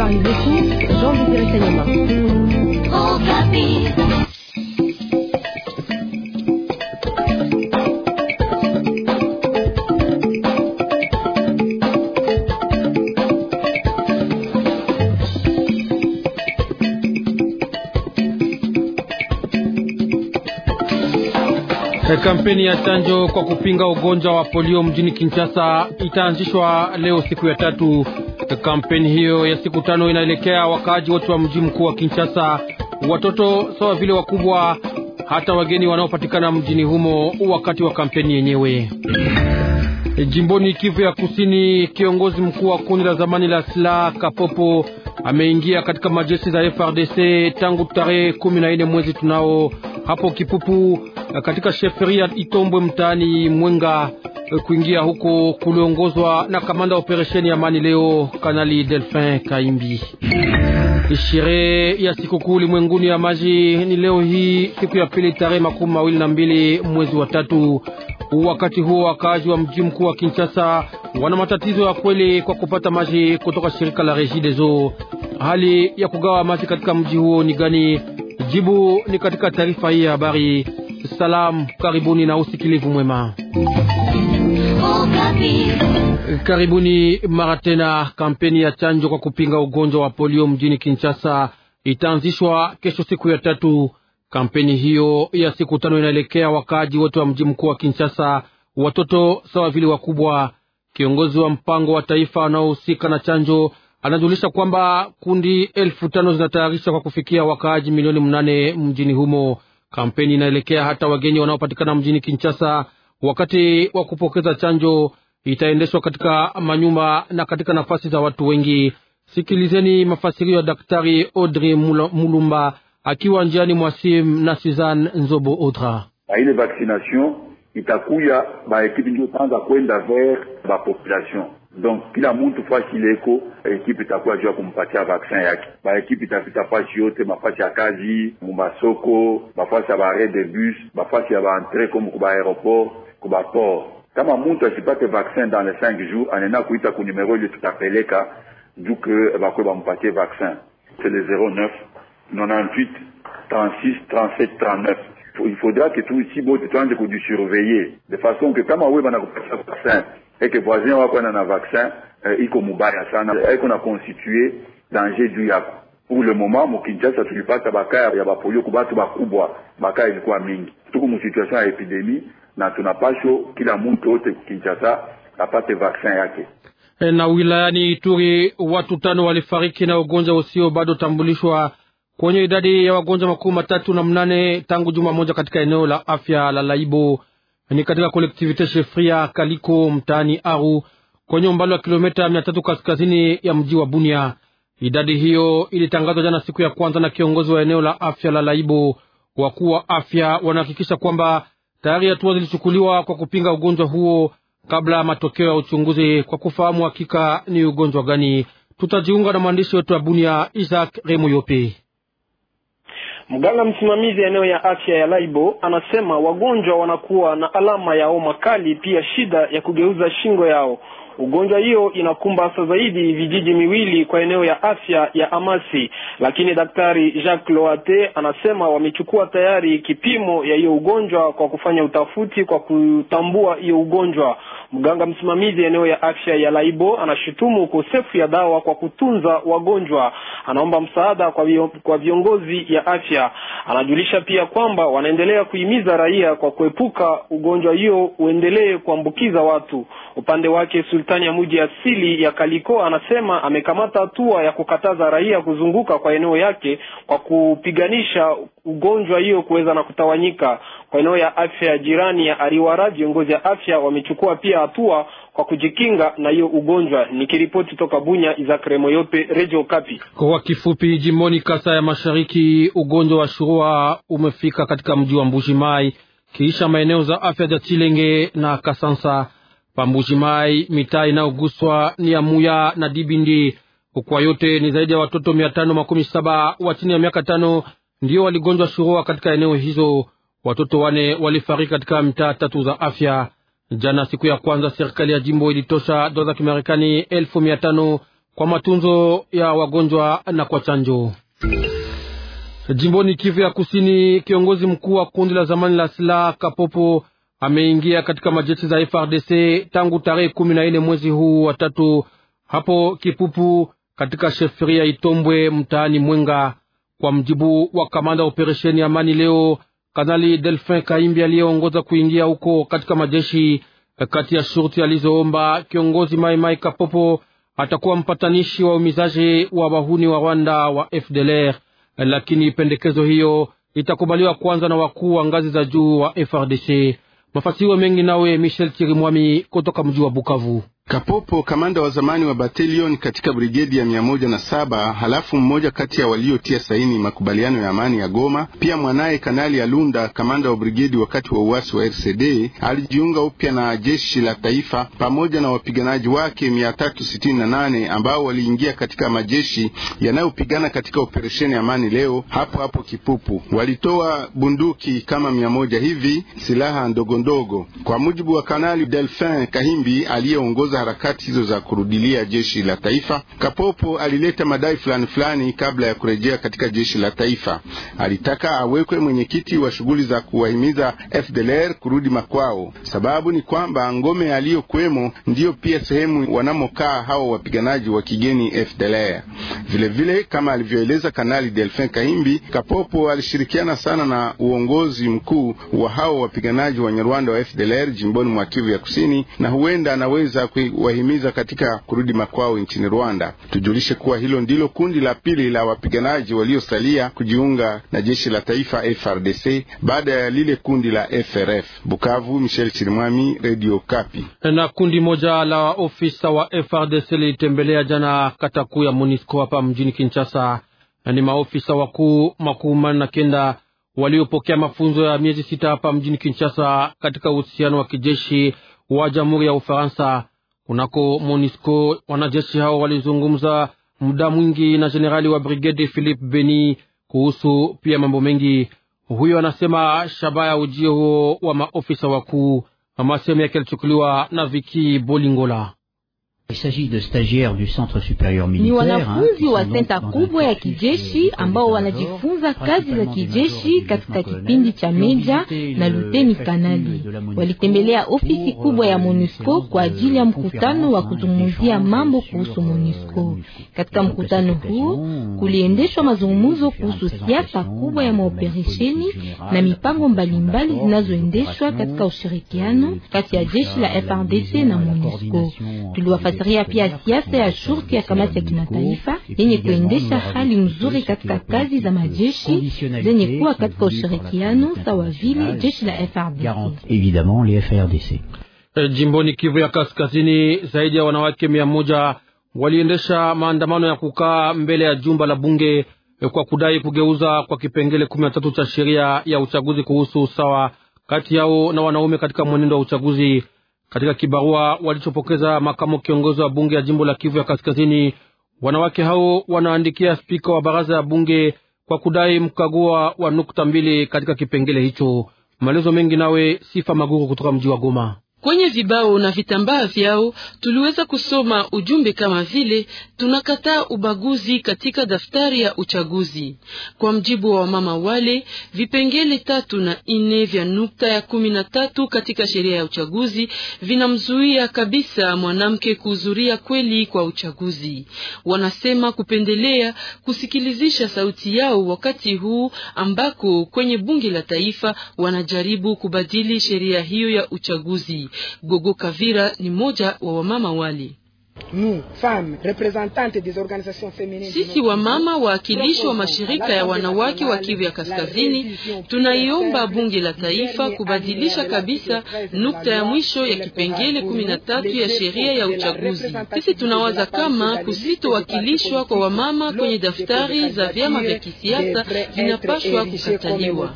habari zetu Jean Desire Kanyama. Kampeni ya chanjo kwa kupinga ugonjwa wa polio mjini Kinshasa itaanzishwa leo siku ya tatu. Kampeni hiyo ya siku tano inaelekea wakaaji wote wa mji mkuu wa Kinshasa, watoto sawa vile wakubwa, hata wageni wanaopatikana mjini humo wakati wa kampeni yenyewe. Jimboni Kivu ya Kusini, kiongozi mkuu wa kundi la zamani la silaha Kapopo ameingia katika majeshi za FRDC tangu tarehe kumi na nne mwezi tunao hapo Kipupu, katika sheferia Itombwe mtaani Mwenga kuingia huko kuliongozwa na kamanda wa operesheni ya amani leo, Kanali Delphin Kaimbi. Sherehe ya sikukuu ulimwenguni ya maji ni leo hii siku ya pili tarehe makumi mawili na mbili mwezi wa tatu. Wakati huo wakaaji wa mji mkuu wa Kinshasa wana matatizo ya kweli kwa kupata maji kutoka shirika la Regideso. Hali ya kugawa maji katika mji huo ni gani? Jibu ni katika taarifa hii ya habari. Salamu, karibuni na usikilivu mwema. Karibuni mara tena. Kampeni ya chanjo kwa kupinga ugonjwa wa polio mjini Kinshasa itaanzishwa kesho siku ya tatu. Kampeni hiyo ya siku tano inaelekea wakaaji wote wa mji mkuu wa Kinshasa, watoto sawa vile wakubwa. Kiongozi wa mpango wa taifa anaohusika na chanjo anajulisha kwamba kundi elfu tano zinatayarisha kwa kufikia wakaaji milioni mnane mjini humo. Kampeni inaelekea hata wageni wanaopatikana mjini Kinshasa wakati wa kupokeza chanjo itaendeshwa katika manyumba na katika nafasi za watu wengi. Sikilizeni mafasirio ya Daktari Audrey Mulumba akiwa njiani mwasim na Suzanne Nzobo odra Ile vaccination itakuya baekipe ndio tanza kwenda vers bapopulation donc kila mtu fasi ileko ekipe itakuwa jua kumpatia vaksin yake. Baekipe itapita fasi yote, mafasi ya kazi, mumasoko, mafasi ya bare de bus, mafasi ya baentre komo ku baaeroport kubapor kama mtu asipate vaccin dans les cinq jours anena kuita ku numero ile tutapeleka juke bakoe bampatie vaccin c'est le 09 98 36 37 39 il faudra que tout ici bote tuanze surveiller de façon que kama wewe banakupatia vaccin et que voisin wako ana na vaccin eh, iko mubaya sana iko eh, na constituer danger juu yako pour le moment mokinshasa tulipata bakaya ya bapolio kubatu bakubwa bakaya ilikuwa mingi tuko mu situation ya epidemie na tunapashwa kila mtu wote Kinshasa apate vaksin yake. E, na wilayani Ituri watu tano walifariki na ugonjwa usio bado tambulishwa kwenye idadi ya wagonjwa makumi matatu na mnane tangu juma moja katika eneo la afya la Laibo ni katika kolektivite Shefria Kaliko mtaani Aru kwenye umbali wa kilomita mia tatu kaskazini ya mji wa Bunia. Idadi hiyo ilitangazwa jana siku ya kwanza na kiongozi wa eneo la afya la Laibo. Wakuu wa afya wanahakikisha kwamba Tayari hatua zilichukuliwa kwa kupinga ugonjwa huo kabla ya matokeo ya uchunguzi kwa kufahamu hakika ni ugonjwa gani. Tutajiunga na mwandishi wetu wa Bunia, Isaac remu Yope. Mganga msimamizi eneo ya afya ya Laibo anasema wagonjwa wanakuwa na alama ya homa kali, pia shida ya kugeuza shingo yao. Ugonjwa hiyo inakumba hasa zaidi vijiji miwili kwa eneo ya afya ya Amasi, lakini daktari Jacques Loate anasema wamechukua tayari kipimo ya hiyo ugonjwa kwa kufanya utafuti kwa kutambua hiyo ugonjwa. Mganga msimamizi eneo ya afya ya Laibo anashutumu ukosefu ya dawa kwa kutunza wagonjwa, anaomba msaada kwa, vio, kwa viongozi ya afya. Anajulisha pia kwamba wanaendelea kuhimiza raia kwa kuepuka ugonjwa hiyo uendelee kuambukiza watu. Upande wake Sultan sultani ya mji asili ya Kaliko anasema amekamata hatua ya kukataza raia kuzunguka kwa eneo yake kwa kupiganisha ugonjwa hiyo kuweza na kutawanyika kwa eneo ya afya ya jirani ya Ariwara. Viongozi ya afya wamechukua pia hatua kwa kujikinga na hiyo ugonjwa. Nikiripoti toka Bunya, Isaac Remoyope, Radio Kapi. Kwa kifupi, jimboni Kasa ya Mashariki, ugonjwa wa shurua umefika katika mji wa Mbuji Mai kisha maeneo za afya za Chilenge na Kasansa Pambujimai mitaa inayoguswa ni ya Muya na Dibindi. Kwa yote ni zaidi ya watoto mia tano makumi saba wa chini ya miaka tano ndio waligonjwa shurua katika eneo hizo. Watoto wane walifariki katika mitaa tatu za afya. Jana siku ya kwanza, serikali ya jimbo ilitosha dola za Kimarekani elfu mia tano kwa matunzo ya wagonjwa na kwa chanjo. Jimboni Kivu ya Kusini, kiongozi mkuu wa kundi la zamani la silaha Kapopo ameingia katika majeshi za FRDC tangu tarehe kumi na nne mwezi huu wa tatu hapo Kipupu katika sheferia Itombwe mtaani Mwenga, kwa mjibu wa kamanda operesheni Amani leo Kanali Delfin Kaimbi aliyeongoza kuingia huko katika majeshi kati ya shurti alizoomba kiongozi Maimai Kapopo atakuwa mpatanishi wa umizaji wa wahuni wa Rwanda wa FDLR, lakini pendekezo hiyo itakubaliwa kwanza na wakuu wa ngazi za juu wa FRDC. Mafasiwa mengi nawe Michel Chirimwami kutoka mji wa Bukavu. Kapopo, kamanda wa zamani wa batalioni katika brigedi ya mia moja na saba, halafu mmoja kati ya waliotia saini makubaliano ya amani ya Goma. Pia mwanaye Kanali Alunda, kamanda wa brigedi wakati wa uasi wa RCD, alijiunga upya na jeshi la taifa pamoja na wapiganaji wake mia tatu sitini na nane ambao waliingia katika majeshi yanayopigana katika operesheni ya amani leo hapo hapo Kipupu. Walitoa bunduki kama mia moja hivi, silaha ndogondogo. Kwa mujibu wa Kanali Delfin Kahimbi aliyeongoza harakati hizo za kurudilia jeshi la taifa. Kapopo alileta madai fulani fulani kabla ya kurejea katika jeshi la taifa. Alitaka awekwe mwenyekiti wa shughuli za kuwahimiza FDLR kurudi makwao. Sababu ni kwamba ngome aliyokwemo ndiyo pia sehemu wanamokaa hao wapiganaji wa kigeni FDLR. Vilevile vile, kama alivyoeleza Kanali Delfin Kahimbi, Kapopo alishirikiana sana na uongozi mkuu wa hao wapiganaji wa Nyarwanda wa FDLR jimboni mwa Kivu ya Kusini, na huenda anaweza kuwahimiza katika kurudi makwao nchini Rwanda. Tujulishe kuwa hilo ndilo kundi la pili la wapiganaji waliosalia kujiunga na jeshi la taifa FRDC baada ya lile kundi la FRF. Bukavu, Michel Chirimwami, Radio Kapi. Na kundi moja la ofisa wa FRDC lilitembelea jana katakuu ya MONUSCO hapa mjini Kinshasa ni maofisa wakuu makuu manne na kenda waliopokea mafunzo ya miezi sita hapa mjini Kinshasa katika uhusiano wa kijeshi wa Jamhuri ya Ufaransa kunako Monisco. Wanajeshi hao walizungumza muda mwingi na jenerali wa brigade Philippe Beni kuhusu pia mambo mengi. Huyo anasema shabaha ya ujio huo wa maofisa wakuu, masehemu yake yalichukuliwa na Viki Bolingola. Ni wanafunzi wa senta euh, kubwa ya kijeshi ambao wanajifunza kazi za kijeshi katika kipindi cha meja na luteni kanali. Walitembelea ofisi kubwa ya MONUSCO kwa ajili ya mkutano wa kuzungumzia mambo kuhusu euh, MONUSCO. Katika mkutano huo kuliendeshwa euh, mazungumzo kuhusu siasa kubwa ya maoperesheni na mipango mbalimbali zinazoendeshwa katika ushirikiano kati ya jeshi la frdc na MONUSCO. Tuliwafasi Andrea pia siasa ya kamati ya kimataifa yenye kuendesha hali mzuri katika kazi za majeshi zenye kuwa katika ushirikiano sawa vile jeshi la FRDC. Eh, jimboni Kivu ya Kaskazini, zaidi ya wanawake mia moja waliendesha maandamano ya kukaa mbele ya jumba la bunge eh, kwa kudai kugeuza kwa kipengele kumi na tatu cha sheria ya uchaguzi kuhusu usawa kati yao na wanaume katika mwenendo wa uchaguzi. Katika kibarua walichopokeza makamu kiongozi wa bunge ya jimbo la Kivu ya Kaskazini, wanawake hao wanaandikia spika wa baraza ya bunge kwa kudai mkagua wa nukta mbili katika kipengele hicho. Maelezo mengi nawe Sifa Maguru kutoka mji wa Goma. Kwenye vibao na vitambaa vyao tuliweza kusoma ujumbe kama vile tunakataa ubaguzi katika daftari ya uchaguzi. Kwa mjibu wa wamama wale, vipengele tatu na ine vya nukta ya kumi na tatu katika sheria ya uchaguzi vinamzuia kabisa mwanamke kuhudhuria kweli kwa uchaguzi. Wanasema kupendelea kusikilizisha sauti yao wakati huu ambako kwenye bunge la taifa wanajaribu kubadili sheria hiyo ya uchaguzi. Gogo Kavira ni moja wa wamama wale. Sisi wamama waakilishi wa mashirika ya wanawake wa Kivu ya Kaskazini tunaiomba bunge la taifa kubadilisha kabisa nukta ya mwisho ya kipengele kumi na tatu ya sheria ya uchaguzi. Sisi tunawaza kama kusitowakilishwa kwa wamama kwenye daftari za vyama vya kisiasa vinapashwa kukataliwa.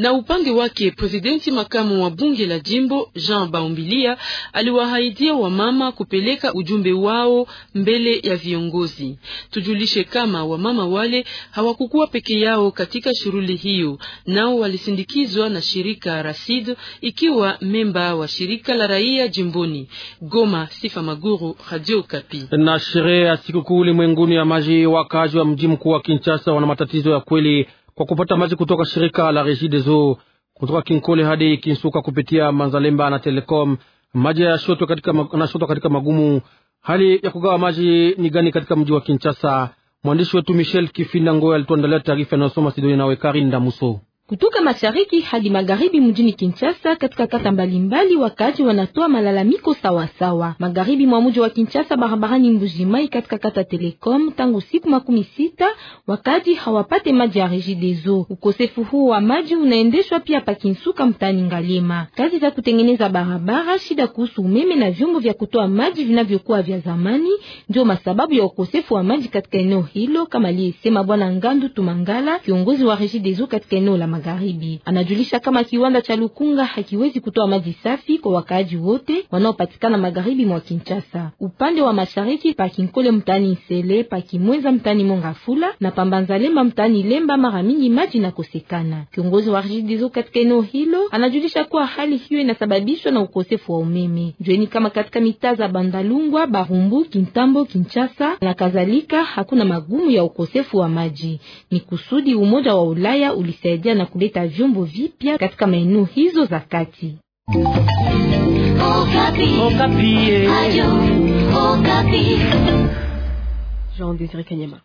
Na upande wake presidenti makamu wa bunge la jimbo Jean Baumbilia aliwahaidia wamama kupeleka ujumbe wao mbele ya viongozi. Tujulishe kama wamama wale hawakukuwa peke yao katika shughuli hiyo, nao walisindikizwa na shirika Rasid ikiwa memba wa shirika la raia jimboni Goma. Sifa Maguru, Radio Kapi. Na sherehe ya sikukuu ulimwenguni ya maji, wakaaji wa mji mkuu wa Kinshasa wana matatizo ya kweli kwa kupata maji kutoka shirika la Regideso kutoka Kinkole hadi Kinsuka kupitia Manzalemba na Telecom. Maji yanashotwa katika, katika magumu. Hali ya kugawa maji ni gani katika mji wa Kinshasa? Mwandishi wetu Michel Kifinda Ngoy alituandalia taarifa inayosoma Sidoni nawe karin Muso kutoka mashariki hadi magharibi mjini Kinshasa katika kata mbalimbali, wakati wanatoa malalamiko sawasawa sawa. Magharibi mwa mji wa Kinshasa, barabarani Mbujimai katika kata Telecom, tangu siku makumi sita wakati hawapate maji ya Regideso. Ukosefu huu wa maji unaendeshwa pia pa Kinsuka mtaani Ngalema. Kazi za kutengeneza barabara, shida kuhusu umeme na vyombo vya kutoa maji vinavyokuwa vya zamani ndio masababu ya ukosefu wa maji katika eneo hilo, kama aliyesema Bwana Ngandu Tumangala, kiongozi wa Regideso katika eneo la magharibi. Anajulisha kama kiwanda cha Lukunga hakiwezi kutoa maji safi kwa wakaaji wote wanaopatikana magharibi mwa Kinshasa. Upande wa mashariki pa Kinkole mtani Nsele, pa Kimweza mtani Mongafula na pa mtani Lemba, mara mingi maji nakosekana. Kiongozi wa RGDISO katika eneo hilo anajulisha kuwa hali hiyo inasababishwa na ukosefu wa umeme. Jueni kama katika mitaa za Bandalungwa, Barumbu, Kintambo, Kinshasa na kadhalika hakuna magumu ya ukosefu wa maji. Ni kusudi Umoja wa Ulaya ulisaidia na kuleta vyombo vipya katika maeneo hizo za kati. Jean Desire Kanyama